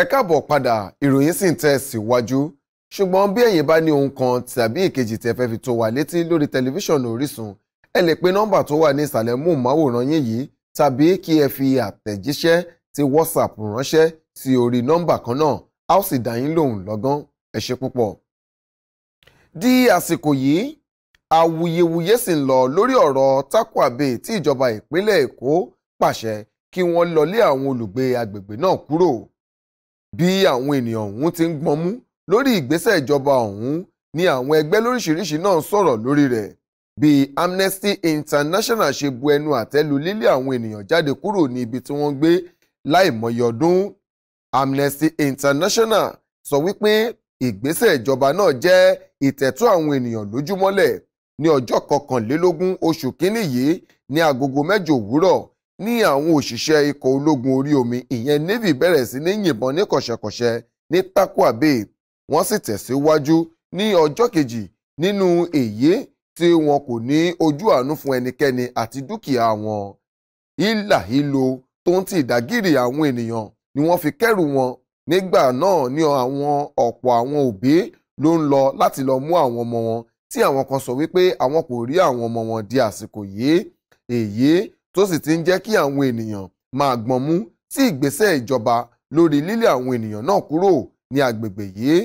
ẹ káàbọ̀ padà ìròyìn sì ń tẹ̀ síwájú ṣùgbọ́n bí ẹ̀yin bá ní ohun kan tàbí ìkejì tẹ́ fẹ́ fi tó wa létí lórí tẹlifíṣàn Orísun ẹ lè pe nọ́mbà tó wà ní ìsàlẹ̀ móhùnmáwòrán yín yìí tàbí kí ẹ fi àtẹ̀jíṣẹ́ ti WhatsApp ránṣẹ́ sí orí nọ́mbà kan náà a ó sì dá yín lóhùn lọ́gán ẹ ṣe púpọ̀. di àsìkò yìí awuyewuye sì ń lọ lórí ọ̀rọ̀ Tákwa Bay tí ìjọba ìpínlẹ̀ Èkó pàṣẹ kí wọ́n lọlé àwọn olùgbé agbègbè náà kúrò bí àwọn ènìyàn ọ̀hún ti ń gbọnmú lórí ìgbésẹ̀ ìjọba ọ̀hún ni àwọn ẹgbẹ́ lóríṣiríṣi náà sọ̀rọ̀ lórí rẹ̀ bí Amnesty International ṣe bu ẹnu àtẹ́ lu lílé àwọn ènìyàn jáde kúrò ní ibi tí wọ́n gbé láìmọye ọdún Amnesty International sọ wípé ìgbésẹ̀ ìjọba náà jẹ́ ìtẹ̀tú àwọn ènìyàn lójúmọ́lẹ̀ ní ọjọ́ kọkànlélógún oṣù kínní yìí ní agogo mẹ́jọ òwúrọ̀ ní àwọn òṣìṣẹ́ ikọ̀ ológun orí omi ìyẹn navy bẹ̀rẹ̀ sí ní yìnbọn ní kọ̀ṣẹ̀kọ̀ṣẹ̀ ní Takwa Bay wọ́n sì tẹ̀síwájú ní ọjọ́ kejì nínú èyí tí wọn kò ní ojú àánú fún ẹnikẹ́ni àti dúkìá wọn ìlà ìlò tó ń ti ìdágìrì àwọn ènìyàn ni wọ́n fi kẹ́rù wọn nígbà náà ní àwọn ọ̀pọ̀ àwọn òbí ló ń lọ láti lọ mú àwọn ọmọ wọn tí àwọn kan sọ wípé àwọn kò rí àwọn ọmọ wọn di àsìkò yìí èyí tó sì ti ń jẹ́ kí àwọn ènìyàn máa gbọ́n mú sí ìgbésẹ̀ ìjọba lórí lílé àwọn ènìyàn náà kúrò ní agbègbè yìí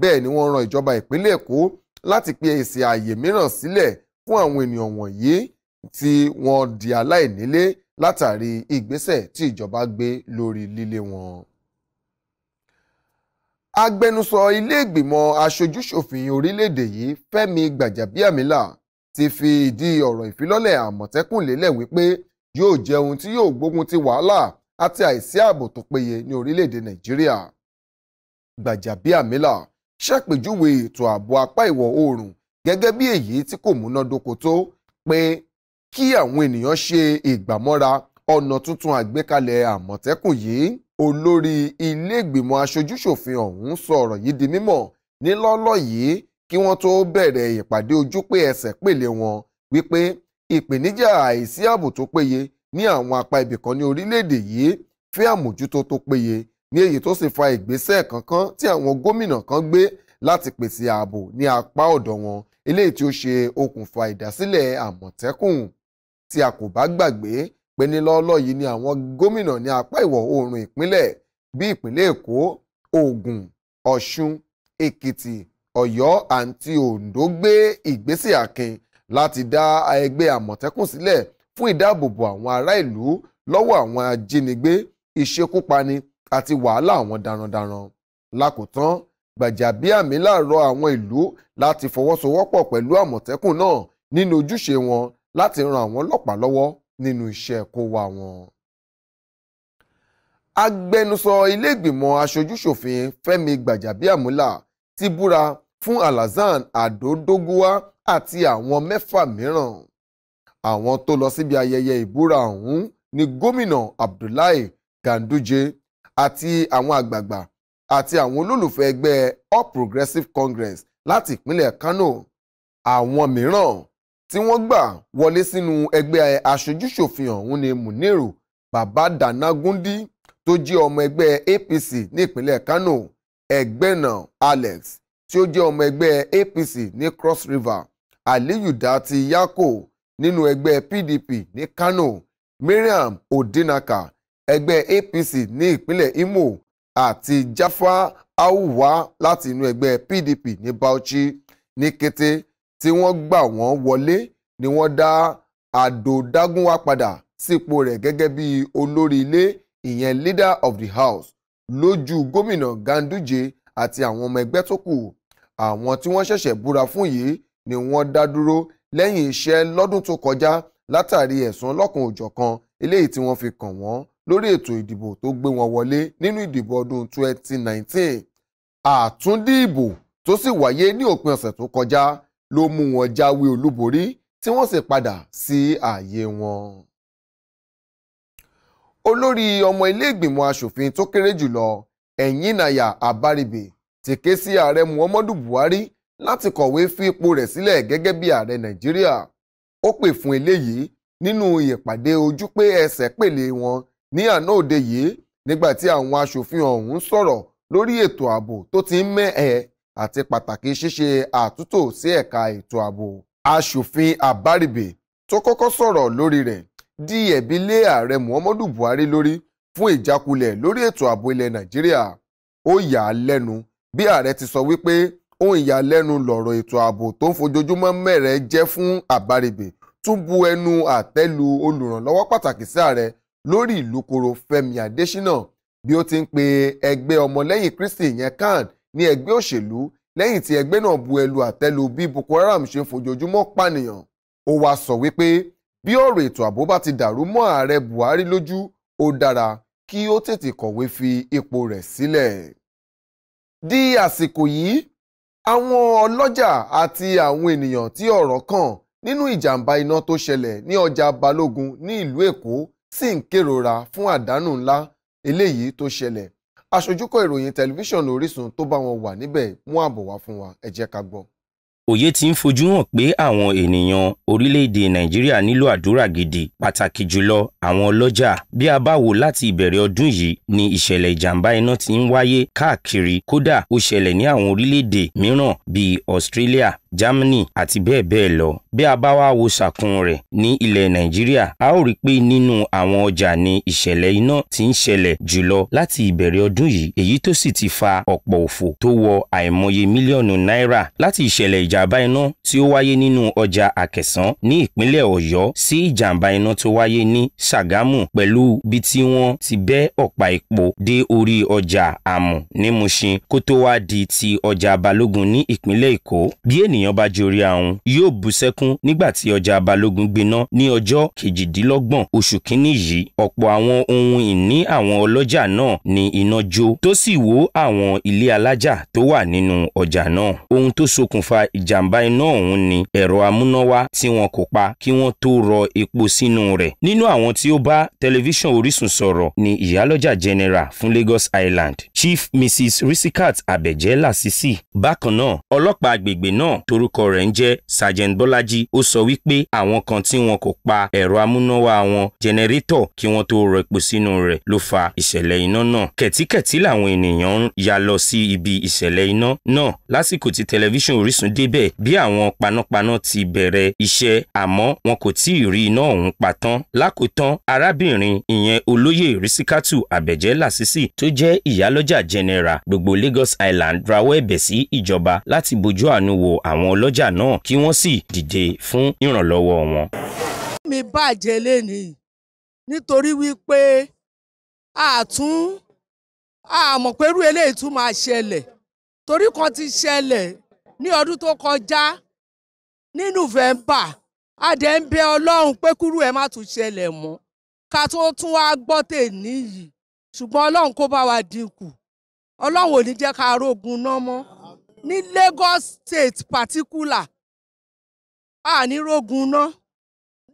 bẹ́ẹ̀ ni wọ́n ran ìjọba ìpínlẹ̀ Èkó láti pe èsì ààyè mìíràn sílẹ̀ fún àwọn ènìyàn wọ̀nyí tí wọ́n di aláìnílé látàrí ìgbésẹ̀ tí ìjọba gbé lórí lílé wọn. Agbẹnusọ ilé ìgbìmọ̀ aṣojúṣòfin orílẹ̀-èdè yìí Fẹ́mi Gbàjàbíàmílà ti fi ìdí ọ̀rọ̀ ìfilọ́lẹ̀ Àmọ̀tẹ́kùn lélẹ̀ wípé yóò jẹ́ ohun tí yóò gbógun ti wàhálà àti àìsí ààbò tó péye ní orílẹ̀-èdè Nàìjíríà. Gbàjàbíàmílà ṣàpèjúwe ètò ààbò apá ìwọ̀ oòrùn gẹ́gẹ́ bí èyí tí kò múnádóko tó pé kí àwọn ènìyàn ṣe ìgbàmọ́ra ọ̀nà tuntun àgbékalẹ̀ Àmọ̀tẹ́kùn yìí olórí ilé-ìgbìmọ̀ aṣojúṣòfin ọ̀hún sọ ọ̀rọ̀ yìí di mímọ̀ nílọ́lọ́ yìí kí wọ́n tó bẹ̀rẹ̀ ìpàdé ojú ẹsẹ̀ pèlè wọn wípé ìpèníjà àìsí ààbò tó péye ní àwọn apá ibì kan ní orílẹ̀-èdè yìí fẹ́ àmójútó tó péye ní èyí tó sì fa ìgbésẹ̀ kankan tí àwọn gómìnà kan gbé láti pèsè ààbò ní apá ọ̀dọ̀ wọn eléyìí tí ó ṣe okùnfà ìdásílẹ̀ àmọ̀tẹ́kùn tí a kò bá gbàgbé pé ní lọ́ọ́lọ́ yìí ni àwọn gómìnà ní apá ìwọ̀ oòrùn ìpínlẹ̀ bí ìpínlẹ̀ èkó ògùn ọ̀ṣun èkìtì ọ̀yọ́ àti oǹdó gbé ìgbésẹ̀ akin láti dá ẹgbẹ́ àmọ̀tẹ́kùn sílẹ̀ fún ìdáàbòbò àwọn ará ìlú lọ́wọ́ àwọn ajínigbé ìṣekúpani àti wàhálà àwọn darandaran lákòótán Gbàjàbíàmílà rọ àwọn ìlú láti fọwọ́sowọ́pọ̀ pẹ̀lú àmọ̀tẹ́kùn náà nínú ojúṣe wọn láti ran àwọn ọlọ́pàá lọ́wọ́ nínú iṣẹ́ kó wa wọn. Agbẹnusọ iléègbìmọ̀ aṣojúṣòfin Fẹ́mi Gbàjàbíàmílà ti búra fún Alhassan Adodoguwa àti àwọn mẹ́fà mìíràn àwọn tó lọ síbi ayẹyẹ ìbúra ọ̀hún ni gómìnà Abdullahi Ganduje àti àwọn àgbààgbà àti àwọn olólùfẹ́ ẹgbẹ́ All Progressives Congress láti ìpínlẹ̀ Kano àwọn mìíràn tí wọ́n gbà wọlé sínú ẹgbẹ́ aṣojúṣòfin ọ̀hún ni Muniru Babadanagundi tó jẹ́ ọmọ ẹgbẹ́ APC ní ìpínlẹ̀ Kano Ẹgbẹ́nà Alex tí ó jẹ́ ọmọ ẹgbẹ́ APC ní Cross River aliyu dati yako nínú ẹgbẹ́ pdp ní kano mariam odinaka ẹgbẹ́ apc ní ìpínlẹ̀ imo àti jaffa awuwa láti inú ẹgbẹ́ pdp ní bauchi ní kété tí wọ́n gbà wọ́n wọlé ni wọ́n dá àdó dágúnwá padà sípò rẹ̀ gẹ́gẹ́ bí olórí ilé ìyẹn leader of the house lójú gómìnà ganduje àti àwọn ọmọ ẹgbẹ́ tó kù àwọn tí wọ́n ṣẹ̀ṣẹ̀ búra fún yìí ni wọ́n dá dúró lẹ́yìn iṣẹ́ lọ́dún tó kọjá látàrí ẹ̀sùn ọlọ́kan òjọ̀kan eléyìí tí wọ́n fi kàn wọ́n lórí ètò ìdìbò tó gbé wọn wọlé nínú ìdìbò ọdún 2019 àtúndì ìbò tó sì wáyé ní òpin ọ̀sẹ̀ tó kọjá ló mú wọn jáwé olúborí tí wọ́n sì padà sí ààyè wọn. olórí ọmọ ilé ìgbìmọ̀ asòfin tó kéré jùlọ ẹ̀yìnnàyà àbárìbè ti ké sí ààrẹ muhammadu buhari láti kọ̀wé fi ipò rẹ̀ sílẹ̀ gẹ́gẹ́ bí ààrẹ nàìjíríà ó pè fún eléyìí nínú ìpàdé ojú pé ẹsẹ̀ pèlè wọn ní àná òde yìí nígbà tí àwọn aṣòfin ọ̀hún sọ̀rọ̀ lórí ètò ààbò tó ti ń mẹ́ẹ̀ àti pàtàkì ṣíṣe àtúntò sí ẹ̀ka ètò ààbò aṣòfin àbárìbè tó kọ́kọ́ sọ̀rọ̀ lórí rẹ̀ di ẹ̀bi lé ààrẹ muhammadu buhari lórí fún ìjákulẹ̀ lórí ètò ààbò ilẹ̀ nàìjíríà ó yà á lẹ́nu bí ààrẹ ti sọ wípé ohun ìyàlẹ́nu lọ̀rọ̀ ètò ààbò tó ń fojoojúmọ́ mẹ́rẹ̀ jẹ́ fún àbáribè tún bu ẹnu àtẹ́lu olùrànlọ́wọ́ pàtàkì sí ààrẹ lórí ìlúkoro Fẹ́mi Adésínà bí ó ti ń pe ẹgbẹ́ ọmọlẹ́yìn Kristi ìyẹn CAN ní ẹgbẹ́ òṣèlú lẹ́yìn tí ẹgbẹ́ náà bu ẹnu àtẹ́lu bí Boko Haram ṣe ń fojoojúmọ́ pànìyàn ó wáá sọ wípé bí ọ̀rọ̀ ètò ààbò bá ti dàrú mọ́ ààrẹ Buhari lójú ó dára kí ó tètè kọ̀wé fi ipò rẹ̀ sílẹ̀. di àsìkò yìí àwọn ọlọ́jà àti àwọn ènìyàn tí ọ̀rọ̀ kàn nínú ìjàmbá iná tó ṣẹlẹ̀ ní ọjà balógun ní ìlú èkó sì ń kérora fún àdánù ńlá eléyìí tó ṣẹlẹ̀ aṣojúkọ ìròyìn tẹlifíṣàn orísun tó bá wọn wà níbẹ̀ mú àbọ̀ wá fún wa ẹ jẹ́ ká gbọ́ òye ti ń fojú hàn pé àwọn ènìyàn orílẹ̀-èdè nàìjíríà nílò àdúrà gidi pàtàkì jùlọ àwọn ọlọ́jà bí a bá wò láti ìbẹ̀rẹ̀ ọdún yìí ni ìṣẹ̀lẹ̀ ìjàmbá iná ti ń wáyé káàkiri kódà ó ṣẹlẹ̀ ní àwọn orílẹ̀-èdè mìíràn bíi australia germany àti bẹ́ẹ̀ bẹ́ẹ̀ lọ bí a bá wá wo sàkún rẹ̀ ní ilẹ̀ nàìjíríà a ó rí pé nínú àwọn ọjà ni ìṣẹ̀lẹ̀ iná ti ń ṣẹlẹ̀ jùlọ láti ìbẹ̀rẹ̀ ọdún yìí èyí tó sì ti fa ọ̀pọ̀ òfò tó wọ àìmọye mílíọ̀nù náírà láti ìṣẹ̀lẹ̀ ìjàmbá iná tí ó wáyé nínú ọjà àkẹsán ní ìpínlẹ̀ ọ̀yọ́ sí ìjàmbá iná tó wáyé ní ṣàgámù pẹ̀lú bí tí wọ́n ti bẹ́ ọ̀pá epo dé orí ọjà àmù ní mushin kó tó wá di ti ọjà balógun ní ìpínlẹ̀ èkó bí ènìyàn bá jorí ahun yóò bú sẹ́kù kún nígbà tí ọjà balógun gbiná ní ọjọ́ kejìdínlọ́gbọ̀n oṣù kínní yìí ọ̀pọ̀ àwọn ohun ìní àwọn ọlọ́jà náà ni iná jó tó sì wó àwọn ilé alájà tó wà nínú ọjà náà ohun tó ṣokùnfà ìjàmbá iná ọ̀hún ni ẹ̀rọ amúnáwá tí wọn kò pa kí wọ́n tó rọ epo sínú rẹ̀ nínú àwọn tí ó bá tẹlifíṣàn Orísun sọ̀rọ̀ ni ìyálọ́jà general fún Lagos Island chief mrs risikat abẹ̀jẹ́ lásìsì bákan náà ọlọ́pàá agbègbè náà torúkọ rẹ̀ ń jẹ́ sergeant bọ́lájí ó sọ wípé àwọn kan tí wọn kò pa ẹ̀rọ amúnáwá wọn jẹnẹrétọ̀ kí wọ́n tó rọ epo sínú rẹ̀ ló fa ìṣẹ̀lẹ̀ iná náà kẹ̀tíkẹ̀tí làwọn ènìyàn ń ya lọ sí ibi ìṣẹ̀lẹ̀ iná náà lásìkò tí tẹlifíṣàn orísun débẹ̀ bí àwọn panápaná ti bẹ̀rẹ̀ iṣẹ́ àmọ́ wọn kò tí ì rí iná ọ̀hún pa tán lákòótán arábìnrin ìyẹn olóyè risikatu abẹ̀jẹ́ lásìsì tó jẹ́ ìyálọ́jà ọlọ́jà general gbogbo Lagos Island rawọ́ ẹ̀bẹ̀ sí ìjọba láti bójú àánú wo àwọn ọlọ́jà náà kí wọ́n sì dìde fún ìrànlọ́wọ́ wọn. mi bàjẹ́ lénìí nítorí wípé àtún àmọ̀ pẹ̀lú eléyìí tún máa ṣẹlẹ̀ torí kan ti ṣẹlẹ̀ ní ọdún tó kọjá ní November a dẹ̀ ń bẹ Ọlọ́run pé kúrú ẹ̀ má tún ṣẹlẹ̀ mọ́ ká tó tún wá gbọ́ tè níyì ṣùgbọ́n Ọlọ́run kó bá wa dínkù ọlọ́run ò ní jẹ́ ká rógun náà mọ́ ní Lagos State particular àní rógun náà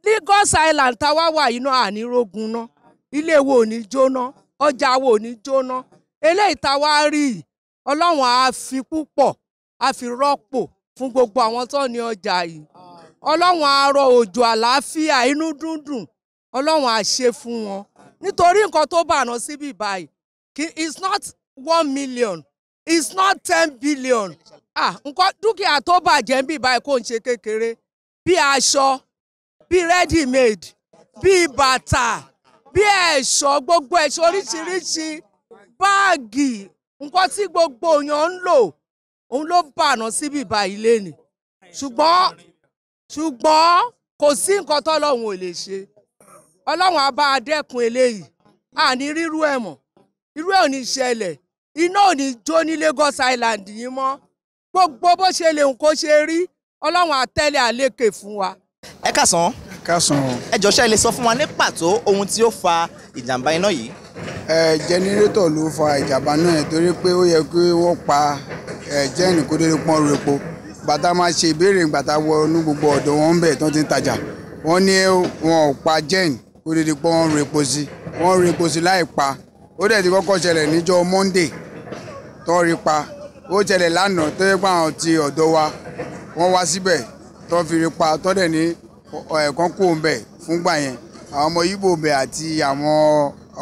Lagos Island táwa wà yìí náà àní rógun náà ilé wo ò jóná ọjà wo ni ní jóná eléyìí táwa rí yìí ọlọ́run á fi púpọ̀ á fi rọ́pò fún gbogbo àwọn tó ní ọjà yìí ọlọ́run á rọ òjò àlàáfíà inú dúndùn ọlọ́run á ṣe fún wọn nítorí nǹkan tó bànà síbí báyìí it's not one million is not ten billion ah nǹkan dúkìá tó bàjẹ́ ń bì báyìí kò ń ṣe kékeré bí aṣọ bí ready made bí bàtà bí ẹ̀ṣọ́ gbogbo ẹ̀ṣọ́ oríṣiríṣi báàgì nǹkan tí gbogbo èèyàn ń lò òun ló bànà síbi báyìí lẹ́nu ṣùgbọ́n ṣùgbọ́n kò sí nǹkan tọ́lọ́run ò lè ṣe ọlọ́run á bá a dẹ́kun eléyìí àní rírú ẹ̀ mọ̀ irú ẹ̀ ò ní ṣẹlẹ̀ iná ò ní jó ní Lagos Island yìí mọ́ gbogbo bó ṣe lè kó ṣe rí ọlọ́run àtẹ́lẹ̀ àlékè fún wa. ẹ kàsán. kàsán. ẹ jọ̀ọ́ ṣé ẹ lè sọ fún wa ní pàtó ohun tí ó fa ìjàmbá iná yìí. ẹ jẹnirétọ̀ ló fa ìjàmbá náà torí pé ó yẹ kí wọ́n pa ẹ jẹ́ẹ̀nì kó dédé pọ́n ro epo gbàtà máa ṣe ìbéèrè gbàtà wọ inú gbogbo ọ̀dọ̀ wọn bẹ̀ tó ti ń tajà wọ́n ní wọn ò pa jẹ́ẹ̀nì kó dédé pọ́n ro epo sí wọ́n ro epo sí láì pa ó dẹ̀ ti kọ́kọ́ ṣẹlẹ̀ níjọ́ Monday tó rí pa ó ṣẹlẹ̀ lánàá tó yẹ pé àwọn ti ọ̀dọ́ wa wọ́n wá síbẹ̀ tó fi rí pa tó dẹ̀ ní ẹ̀ẹ̀kan kó ń bẹ̀ fúngbà yẹn àwọn ọmọ Ìgbò bẹ̀ àti àwọn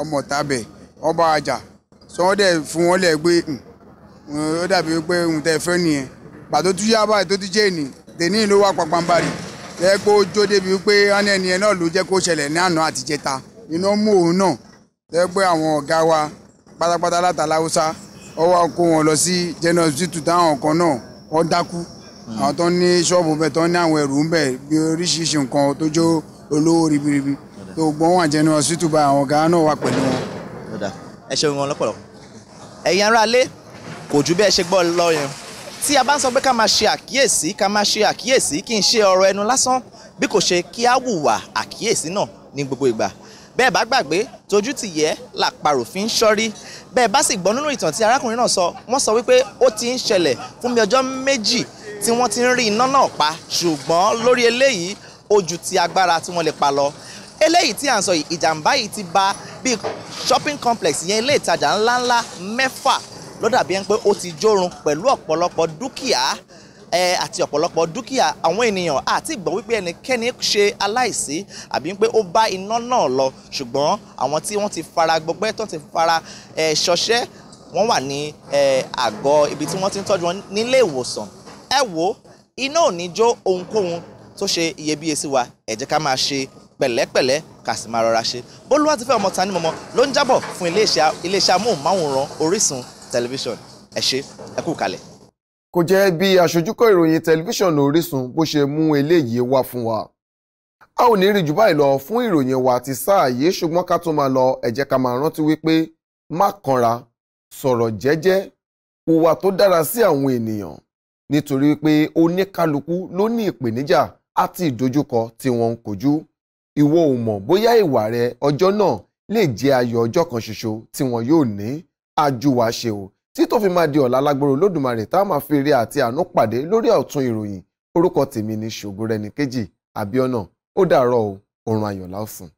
ọmọ tábẹ̀ ọba àjà sọ wọ́n dẹ̀ fún wọn lẹ̀ pé hmm, ó dàbí pé òun tẹ́ fẹ́ nìyẹn pàtó tún yá báyìí tó tún jẹ́ ènì tèmi ló wà pàpàǹbarì ẹ pé ó jó débi wípé ọ́nà ẹni ẹ náà ló jẹ́ kó ṣẹlẹ̀ ní àná àtijẹta iná mú òun náà ẹ pé àwọn ọ̀gá wa pátápátá látàláwúsá wọ́n wá kó wọn lọ sí general hospital táwọn kan náà wọ́n dákú hmm. àwọn tó ní ṣọ́ọ̀bù bẹ́ẹ̀ tó ní àwọn ẹrù ń bẹ̀ bí oríṣiríṣi nǹkan tó jó olówó ribiribi tó gbọ́n wà general hospital bá àwọn ọ̀gá náà wà pẹ̀lú wọn. ẹ ṣeun wọn lọ́pọ̀lọpọ̀ ẹ̀yin aráalé kò ju bí ṣe gbọ́ lọ yẹn tí a bá ń sọ pé ká máa ṣe àkíyèsí ká máa ṣe àkíyèsí kí n ṣe ọ̀rọ̀ ẹnu lásán bí kò ṣe kí á hùwà àkíyèsí náà ní gbogbo ìgbà bẹ́ẹ̀ bá gbàgbé tójú ti yẹ làparò fi ń ṣọ́rí bẹ́ẹ̀ bá sì gbọ́ nínú ìtàn tí arákùnrin náà sọ wọ́n sọ wípé ó ti ń ṣẹlẹ̀ fún mi ọjọ́ méjì tí wọ́n ti ń rí iná náà pa ṣùgbọ́n lórí eléyìí ojú ti agbára tí wọ́n lè pa lọ eléyìí tí à ń sọ yìí ìjàmbá yìí ti ba bíi shopping complex yẹn ilé ìtajà ńláńlá mẹ́fà ló dàbí ẹni pé ó ti jórun pẹ̀lú ọ̀pọ̀lọpọ̀ dúkìá àti ọ̀pọ̀lọpọ̀ dúkìá àwọn ènìyàn àti gbọ́ wípé ẹnikẹ́ni ṣe aláìsí àbí pé ó bá iná náà lọ ṣùgbọ́n àwọn tí wọ́n ti fara gbọgbẹ́ tó ti fara ṣọṣẹ́ wọ́n wà ní àgọ́ ibi tí wọ́n ti ń tọ́jú wọn nílé ìwòsàn ẹ wo iná ò ní jó ohunkóhun tó ṣe iyebíye sí wa ẹ jẹ́ ká máa ṣe pẹ̀lẹ́pẹ̀lẹ́ ká sì máa rọra ṣe Bólúwatifẹ́ Ọmọtanímọ̀mọ́ ló ń jábọ̀ fún iléeṣẹ́ amóhùnmáwòrán Orísun tẹlifíṣọ̀n ẹ ṣé ẹ kú kalẹ̀ kò jẹ́ bí aṣojúkọ̀ ìròyìn tẹlifíṣàn Orísun bó ṣe mú eléyìí wá fún wa. a ò ní rí jù báyìí lọ fún ìròyìn wa ti sáà yìí ṣùgbọ́n ká tó máa lọ ẹ jẹ́ ká máa rántí wípé má kanra sọ̀rọ̀ jẹ́jẹ́ hùwà tó dára sí àwọn ènìyàn nítorí pé oníkálukú ló ní ìpèníjà àti ìdojúkọ tí wọ́n ń kojú ìwọ ò mọ̀ bóyá ìwà rẹ ọjọ́ náà lè jẹ́ ayọ̀ ọjọ́ kan ṣoṣo tí wọ́n yóò ní àjùwàṣe o tí tó fi máa di ọ̀la lágbóró lódùmarè tá a máa fi eré àti àánú pàdé lórí ọ̀tún ìròyìn orúkọ tèmi ni ṣògo rẹni kejì àbíọ́nà ó dàárọ̀ o oorun ayọ̀ la